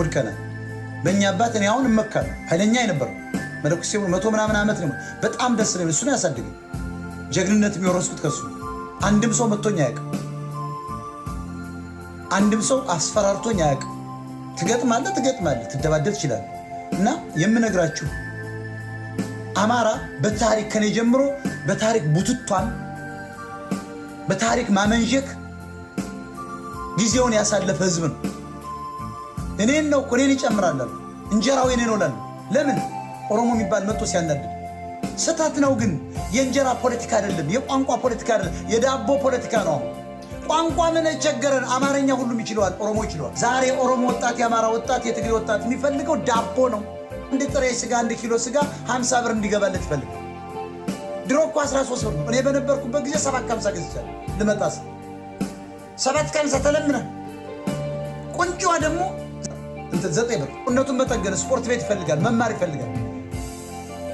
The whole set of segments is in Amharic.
ወድቀና በእኛ አባት እኔ አሁን እመካለሁ። ኃይለኛ የነበረው መለኩሴ መቶ ምናምን ዓመት ነው። በጣም ደስ ነው። እሱን ያሳድግ ጀግንነት የሚወረስኩት ከሱ። አንድም ሰው መቶኝ አያውቅም። አንድም ሰው አስፈራርቶኝ አያውቅም። ትገጥማለህ፣ ትገጥማለህ፣ ትደባደብ ትችላለህ። እና የምነግራችሁ አማራ በታሪክ ከኔ ጀምሮ በታሪክ ቡትቷን በታሪክ ማመንዠክ ጊዜውን ያሳለፈ ህዝብ ነው። እኔን ነው እኔን ይጨምራለሁ እንጀራው የኔ ነው ላሉ ለምን ኦሮሞ የሚባል መጥቶ ሲያናድድ ስህተት ነው ግን የእንጀራ ፖለቲካ አይደለም፣ የቋንቋ ፖለቲካ አይደለም፣ የዳቦ ፖለቲካ ነው። ቋንቋ ምን ቸገረን? አማርኛ ሁሉም ይችለዋል፣ ኦሮሞ ይችለዋል። ዛሬ ኦሮሞ ወጣት፣ የአማራ ወጣት፣ የትግሬ ወጣት የሚፈልገው ዳቦ ነው። አንድ ጥሬ ስጋ፣ አንድ ኪሎ ስጋ 50 ብር እንዲገባለት ይፈልጋል ድሮ እኮ 13 ብር እኔ በነበርኩበት ጊዜ ሰባት ከሀምሳ ገዝቻለሁ። ልመጣስ ሰባት ከሀምሳ ተለምነ ቁንጫዋ ደግሞ ዘጠኝ ብር እውነቱን መጠገን ስፖርት ቤት ይፈልጋል፣ መማር ይፈልጋል፣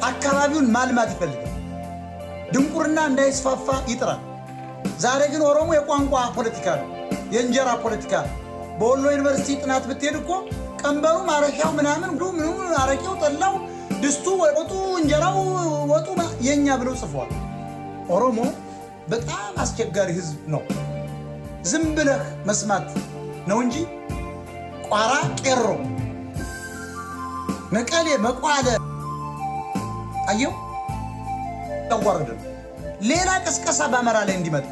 አካባቢውን ማልማት ይፈልጋል፣ ድንቁርና እንዳይስፋፋ ይጥራል። ዛሬ ግን ኦሮሞ የቋንቋ ፖለቲካ ነው፣ የእንጀራ ፖለቲካ ነው። በወሎ ዩኒቨርሲቲ ጥናት ብትሄድ እኮ ቀንበሩ ማረሻው ምናምን ምኑ አረቄው፣ ጠላው፣ ድስቱ፣ ወጡ፣ እንጀራው፣ ወጡ የእኛ ብለው ጽፏል። ኦሮሞ በጣም አስቸጋሪ ህዝብ ነው። ዝም ብለህ መስማት ነው እንጂ ቋራ ቄሮ መቀሌ መቋለ አየው ያዋርድ ሌላ ቅስቀሳ በአማራ ላይ እንዲመጣ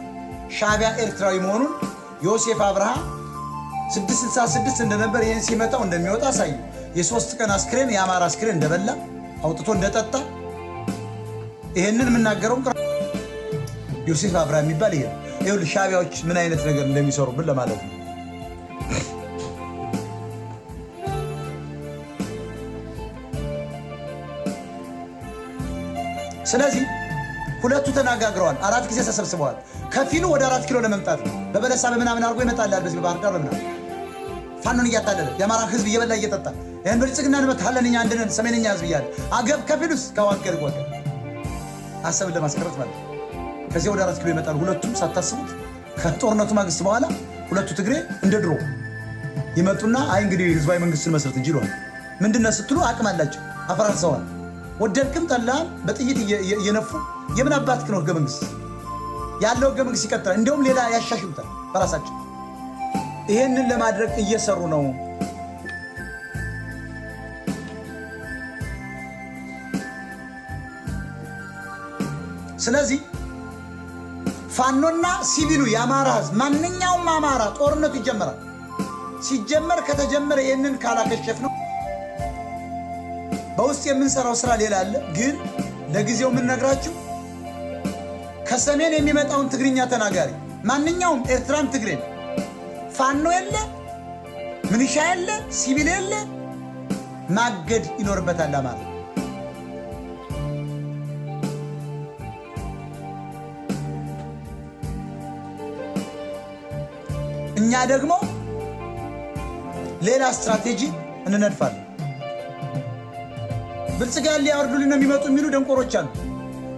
ሻቢያ ኤርትራዊ መሆኑን ዮሴፍ አብርሃም 666 እንደነበር ይህን ሲመጣው እንደሚወጣ አሳዩ። የሶስት ቀን አስክሬን የአማራ አስክሬን እንደበላ አውጥቶ እንደጠጣ ይህንን የምናገረውም ዮሴፍ አብርሃም የሚባል ይሄ ይሁል ምን አይነት ነገር እንደሚሰሩብን ለማለት ነው። ስለዚህ ሁለቱ ተነጋግረዋል። አራት ጊዜ ተሰብስበዋል። ከፊሉ ወደ አራት ኪሎ ለመምጣት በበለሳ በምናምን አድርጎ ይመጣላል። በዚህ በባህር ዳር በምናምን ፋኖን እያታለለ የአማራ ህዝብ እየበላ እየጠጣ ይህን ብልጽግና እንመታለን እኛ አንድነን ሰሜንኛ ህዝብ እያለ አገብ ከፊሉስ ከዋገር ወገ አሰብን ለማስቀረት ማለት ከዚያ ወደ አራት ኪሎ ይመጣል። ሁለቱም ሳታስቡት ከጦርነቱ ማግስት በኋላ ሁለቱ ትግሬ እንደ ድሮ ይመጡና አይ እንግዲህ ህዝባዊ መንግስትን መስረት እንጂ ይለዋል። ምንድነ ስትሉ አቅም አላቸው አፈራርሰዋል። ወደድክም ጠላ በጥይት እየነፉ የምን አባትክ ነው ህገ መንግስት ያለው ህገ መንግስት ይቀጥላል። እንዲሁም ሌላ ያሻሽሉታል በራሳቸው። ይሄንን ለማድረግ እየሰሩ ነው። ስለዚህ ፋኖና ሲቪሉ የአማራ ህዝብ ማንኛውም አማራ ጦርነቱ ይጀመራል። ሲጀመር ከተጀመረ ይህንን ካላከሸፍ ነው በውስጥ የምንሰራው ስራ ሌላ አለ። ግን ለጊዜው የምንነግራችሁ ከሰሜን የሚመጣውን ትግርኛ ተናጋሪ ማንኛውም ኤርትራን ትግሬን ፋኖ የለ ምንሻ የለ ሲቪል የለ ማገድ ይኖርበታል አማራ። እኛ ደግሞ ሌላ ስትራቴጂ እንነድፋለን። ብልጽግና ሊያወርዱልን ነው የሚመጡ የሚሉ ደንቆሮች አሉ።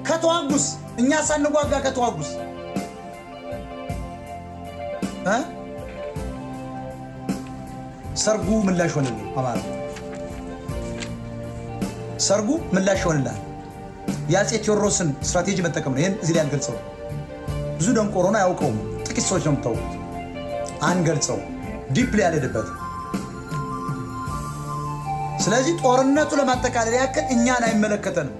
ከተዋጉስ እኛ ሳንዋጋ ከተዋጉስ ሰርጉ ምላሽ ሆንል። አማራ ሰርጉ ምላሽ ሆንላል። የአፄ ቴዎድሮስን ስትራቴጂ መጠቀም ነው። ይህን እዚህ ላይ አልገልጸው። ብዙ ደንቆሮን አያውቀውም። ጥቂት ሰዎች ነው የምታውቁት። አንገልጸው ዲፕ ላይ ያልሄድበት ስለዚህ ጦርነቱ ለማጠቃለል ያክል እኛን አይመለከተንም።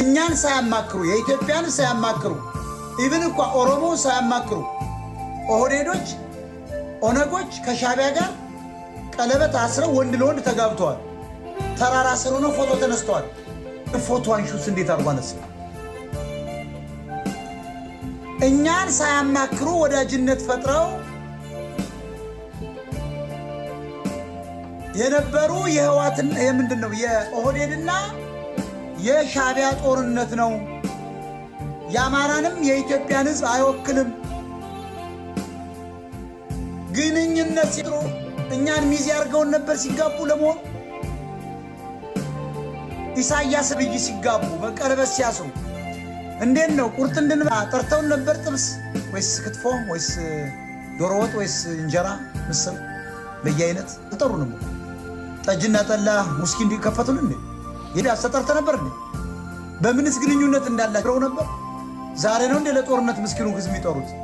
እኛን ሳያማክሩ የኢትዮጵያን ሳያማክሩ ኢብን እንኳ ኦሮሞ ሳያማክሩ ኦህዴዶች፣ ኦነጎች ከሻቢያ ጋር ቀለበት አስረው ወንድ ለወንድ ተጋብተዋል። ተራራ ስር ሆነው ፎቶ ተነስተዋል። ፎቶ አንሹስ እንዴት አርጓነስ እኛን ሳያማክሩ ወዳጅነት ፈጥረው የነበሩ የህዋትን የምንድን ነው የኦህዴድና የሻቢያ ጦርነት ነው። የአማራንም የኢትዮጵያን ህዝብ አይወክልም። ግንኙነት ሲጥሩ እኛን ሚዜ አድርገውን ነበር ሲጋቡ ለመሆን ኢሳያስ ብይ ሲጋቡ መቀለበስ ሲያስሩ እንዴት ነው? ቁርጥ እንድን ጠርተውን ነበር። ጥብስ ወይስ ክትፎ ወይስ ዶሮ ወጥ ወይስ እንጀራ ምስር በየአይነት አልጠሩንም። ጠጅና ጠላ ውስኪ እንዲከፈቱልን ይህ አሰጠርተ ነበር እ በምንስ ግንኙነት እንዳላቸው ነበር። ዛሬ ነው እንደ ለጦርነት ምስኪኑ ህዝብ የሚጠሩት።